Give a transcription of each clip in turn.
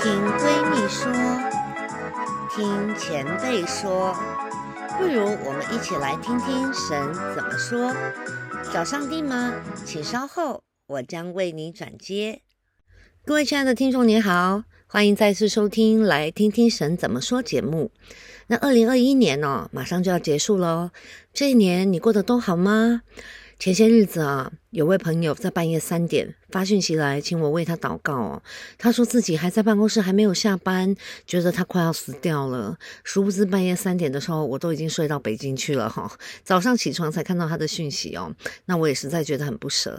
聽閨蜜說，聽前輩說，不如我們一起來聽聽神怎麼說。找上帝嗎？請稍後，我將為你轉接。各位親愛的聽眾，你好，歡迎再次收聽《來聽聽神怎麼說》節目。那2021年哦，馬上就要結束了，這一年你過得都好嗎？前些日子啊。有位朋友在半夜三點發訊息來，請我為他禱告。哦，他說自己還在辦公室，還沒有下班，覺得他快要死掉了。殊不知半夜三點的時候，我都已經睡到北京去了哈、哦。早上起床才看到他的訊息哦，那我也實在覺得很不捨。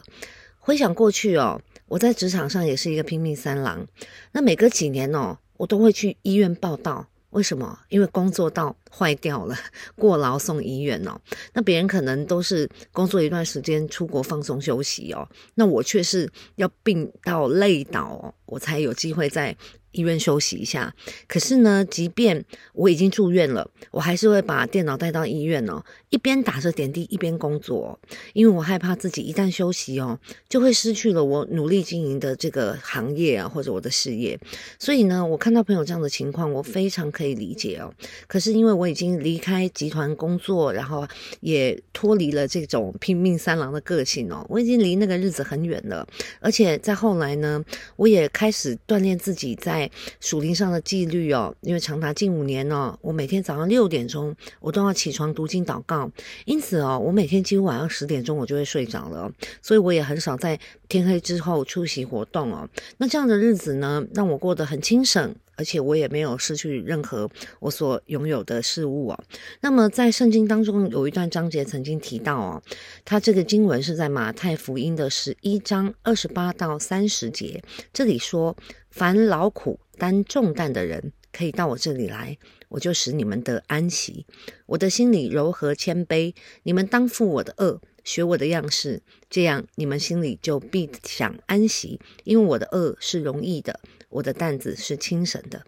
回想過去哦，我在職場上也是一個拼命三郎，那每隔幾年哦，我都會去醫院報到。為什麼？因為工作到壞掉了，過勞送醫院哦。那別人可能都是工作一段時間，出國放鬆休息哦。那我却是要病到累倒哦，我才有機會再。醫院休息一下，可是呢，即便我已經住院了，我還是會把電腦帶到醫院哦，一邊打着點滴，一邊工作哦，因為我害怕自己一旦休息哦，就會失去了我努力經營的這個行業啊，或者我的事業。所以呢，我看到朋友這樣的情況，我非常可以理解哦。可是因為我已經離開集團工作，然後也脫離了這種拼命三郎的個性哦，我已經離那個日子很遠了。而且在後來呢，我也開始鍛鍊自己在。屬靈上的紀律哦，因為長達近五年呢，哦，我每天早上六點鐘我都要起床讀經禱告，因此哦，我每天幾乎晚上十點鐘我就會睡着了，所以我也很少在天黑之後出席活動哦。那這樣的日子呢，讓我過得很輕省。而且我也沒有失去任何我所擁有的事物哦、啊，那麼在聖經當中有一段章節曾經提到哦、啊，他這個經文是在馬太福音的十一章二十八到三十節，這裡說：凡勞苦擔重擔的人，可以到我這裡來，我就使你們得安息。我的心裡柔和謙卑，你們當負我的軛，學我的樣式，這樣你們心裡就必享安息，因為我的軛是容易的。我的擔子是輕省的。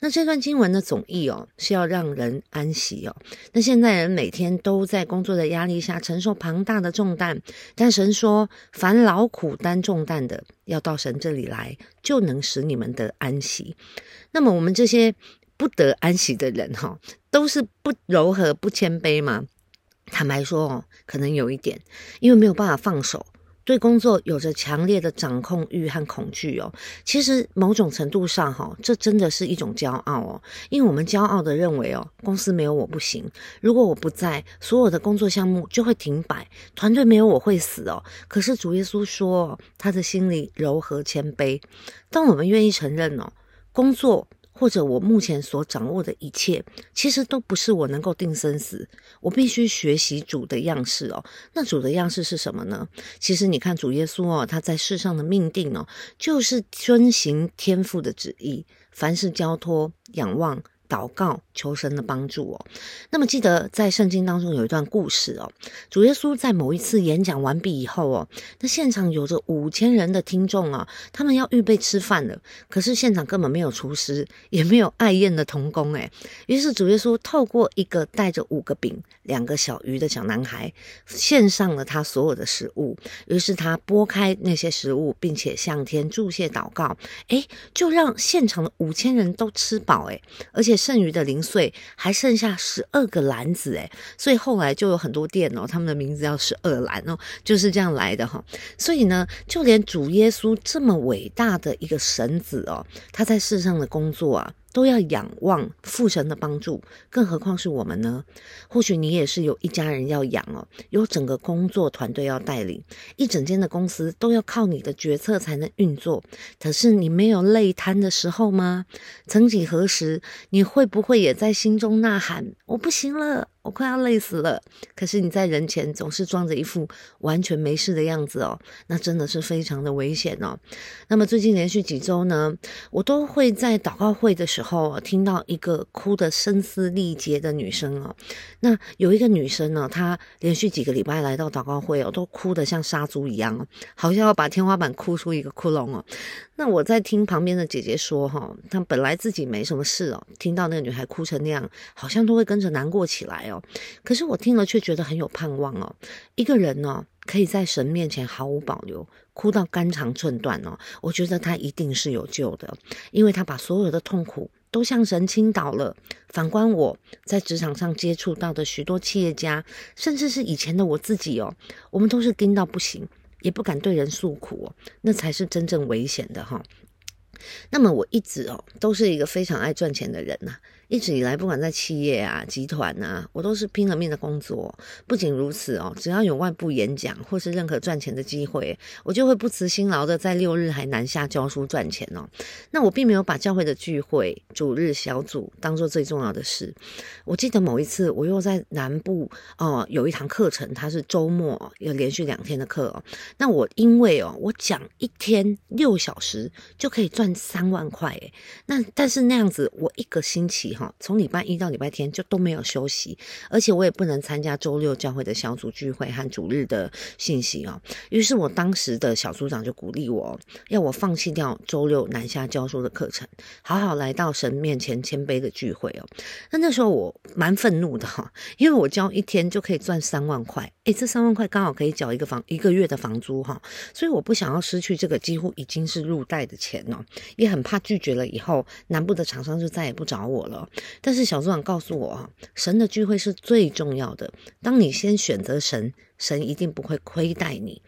那這段經文的總意哦，是要讓人安息哦。那現在人每天都在工作的壓力下承受龐大的重擔，但神說，凡勞苦擔重擔的，要到神這裡來，就能使你們得安息。那麼我們這些不得安息的人哈、哦，都是不柔和、不謙卑嗎？坦白說哦，可能有一點，因為沒有辦法放手。對工作有着強烈的掌控欲和恐懼哦，其實某種程度上哈、哦，這真的是一種驕傲哦，因為我們驕傲地認為哦，公司沒有我不行，如果我不在，所有的工作項目就會停擺，團隊沒有我會死哦。可是主耶穌說、哦，他的心裡柔和謙卑，當我們願意承認哦，工作，或者我目前所掌握的一切，其實都不是我能夠定生死。我必須學習主的樣式哦。那主的樣式是什麼呢？其實你看主耶穌哦，他在世上的命定哦，就是遵行天父的旨意，凡事交托，仰望。禱告求神的幫助哦。那麼記得在聖經當中有一段故事哦，主耶穌在某一次演講完畢以後哦，那現場有着五千人的聽眾啊，他們要預備吃飯了，可是現場根本沒有廚師，也沒有愛宴的同工哎。於是主耶穌透過一個帶着五個餅、兩個小魚的小男孩，獻上了他所有的食物。於是他撥開那些食物，並且向天祝謝禱告，哎，就讓現場的五千人都吃飽哎，而且。剩餘的零碎還剩下十二個籃子，誒，所以後來就有很多店哦，他們的名字叫十二籃哦，就是這樣來的哈、哦。所以呢，就連主耶穌這麼偉大的一個神子哦，他在世上的工作啊。都要仰望父神的幫助，更何況是我們呢？或許你也是有一家人要養哦，有整個工作團隊要帶領，一整間的公司都要靠你的決策才能運作。可是你沒有累癱的時候嗎？曾幾何時，你會不會也在心中吶喊：“我不行了。”我快要累死了，可是你在人前總是裝着一副完全沒事的樣子哦，那真的是非常的危險哦。那麼最近連續幾週呢，我都會在禱告會的時候聽到一個哭得聲嘶力竭的女生哦。那有一個女生呢，哦，她連續幾個禮拜來到禱告會哦，都哭得像殺豬一樣哦，好像要把天花板哭出一個窟窿哦。那我在聽旁邊的姐姐說，哈，她本來自己沒什麼事哦，聽到那個女孩哭成那樣，好像都會跟着難過起來哦。可是我聽了卻覺得很有盼望哦。一個人呢，可以在神面前毫無保留，哭到肝腸寸斷哦。我覺得她一定是有救的，因為她把所有的痛苦都向神傾倒了。反觀我在職場上接觸到的許多企業家，甚至是以前的我自己哦，我們都是硬到不行。也不敢對人訴苦，那才是真正危險的哈。那麼我一直哦，都是一個非常愛賺錢的人吶。一直以來，不管在企業啊、集團啊，我都是拼了命的工作。不僅如此哦，只要有外部演講或是任何賺錢的機會，我就會不辭辛勞的在六日還南下教書賺錢哦。那我並沒有把教會的聚會、主日小組當做最重要的事。我記得某一次，我又在南部哦、呃，有一堂課程，它是周末、哦、有連續兩天的課哦。那我因為哦，我講一天六小時就可以賺三萬塊誒。那但是那樣子我一個星期。好，從禮拜一到禮拜天就都沒有休息，而且我也不能參加周六教會的小組聚會和主日的信息哦。於是，我當時的小組長就鼓勵我、哦，要我放棄掉周六南下教書的課程，好好來到神面前謙卑的聚會哦。那那時候我蠻憤怒的哈、哦，因為我教一天就可以賺三萬塊，誒，這三萬塊剛好可以繳一個房一個月的房租哈、哦，所以我不想要失去這個幾乎已經是入袋的錢哦，也很怕拒絕了以後南部的廠商就再也不找我了。但是小組長告訴我，神的聚會是最重要的。當你先選擇神，神一定不會虧待你。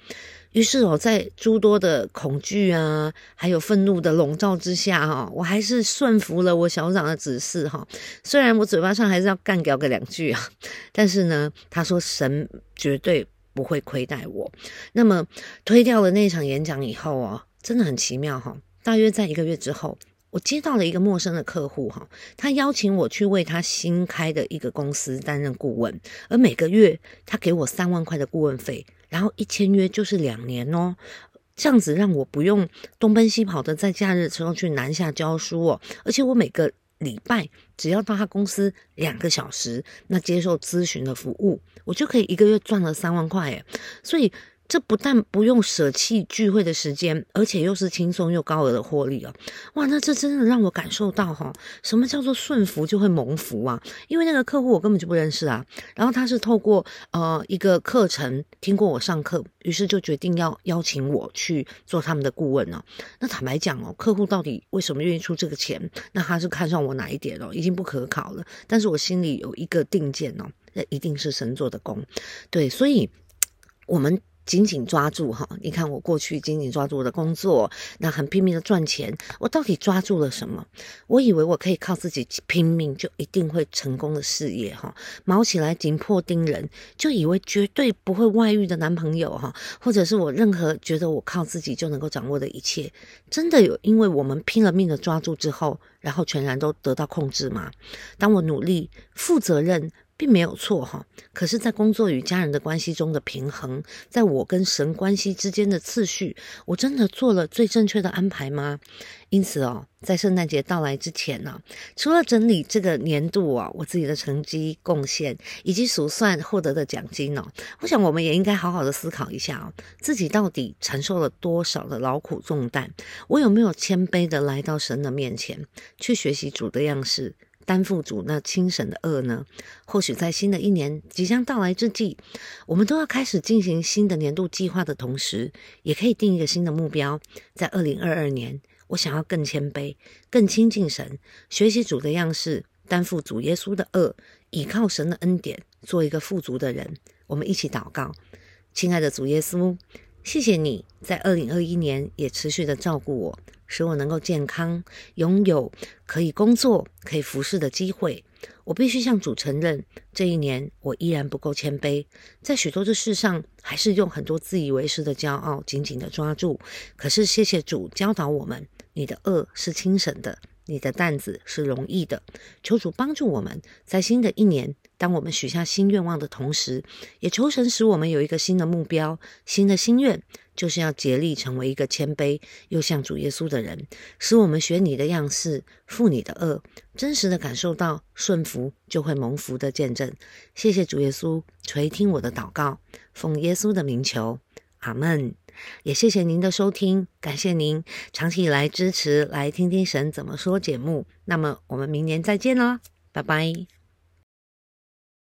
於是哦，在諸多的恐懼啊，還有憤怒的籠罩之下，我還是順服了我小組長的指示。雖然我嘴巴上還是要幹掉個兩句啊，但是呢，他說神絕對不會虧待我。那麼推掉了那場演講以後哦，真的很奇妙，大約在一個月之後。我接到了一個陌生的客戶哈，他邀請我去為他新開的一個公司擔任顧問，而每個月他給我三萬塊的顧問費，然後一簽約就是兩年哦，這樣子讓我不用東奔西跑的在假日時候去南下教書哦，而且我每個禮拜只要到他公司兩個小時，那接受諮詢的服務，我就可以一個月賺了三萬塊耶，所以。這不但不用捨棄聚會的時間，而且又是輕鬆又高額的獲利哦！哇，那這真的讓我感受到哈、哦，什麼叫做順服就會蒙福啊？因為那個客戶我根本就不認識啊，然後他是透過呃一個課程聽過我上課，於是就決定要邀請我去做他們的顧問呢、哦。那坦白講哦，客戶到底為什麼願意出這個錢？那他是看上我哪一點哦？已經不可考了。但是我心裡有一個定見哦，那一定是神做的工。對，所以我們。緊緊抓住哈，你看我過去緊緊抓住我的工作，那很拼命的賺錢，我到底抓住了什麼？我以為我可以靠自己拼命就一定會成功的事業哈，毛起來緊迫盯人，就以為絕對不會外遇的男朋友哈，或者是我任何覺得我靠自己就能夠掌握的一切，真的有因為我們拼了命的抓住之後，然後全然都得到控制嗎？當我努力負責任。並沒有錯哈，可是，在工作與家人的關係中的平衡，在我跟神關係之間的次序，我真的做了最正確的安排嗎？因此哦，在聖誕節到來之前呢，除了整理這個年度啊，我自己的成績貢獻，以及數算獲得的獎金呢，我想我們也應該好好的思考一下啊，自己到底承受了多少的勞苦重擔，我有沒有謙卑地來到神的面前，去學習主的樣式？擔負主那親神的軛呢？或許在新的一年即將到來之際，我們都要開始進行新的年度計劃的同時，也可以定一個新的目標。在二零二二年，我想要更謙卑、更親近神，學習主的樣式，擔負主耶穌的軛，倚靠神的恩典，做一個富足的人。我們一起禱告，親愛的主耶穌。謝謝你，在二零二一年也持續的照顧我，使我能夠健康，擁有可以工作、可以服侍的機會。我必須向主承認，這一年我依然不夠謙卑，在許多的事上還是用很多自以為是的驕傲緊緊的抓住。可是，謝謝主教導我們，你的軛是輕省的，你的擔子是容易的。求主幫助我們在新的一年。當我們許下新願望的同時，也求神使我們有一個新的目標、新的心願，就是要竭力成為一個謙卑又像主耶穌的人，使我們學你的樣式，負你的軛，真實地感受到順服就會蒙福的見證。謝謝主耶穌，垂聽我的禱告，奉耶穌的名求，阿門。也謝謝您的收聽，感謝您長期以來支持，來聽聽神怎麼說節目。那麼我們明年再見嘍，拜拜。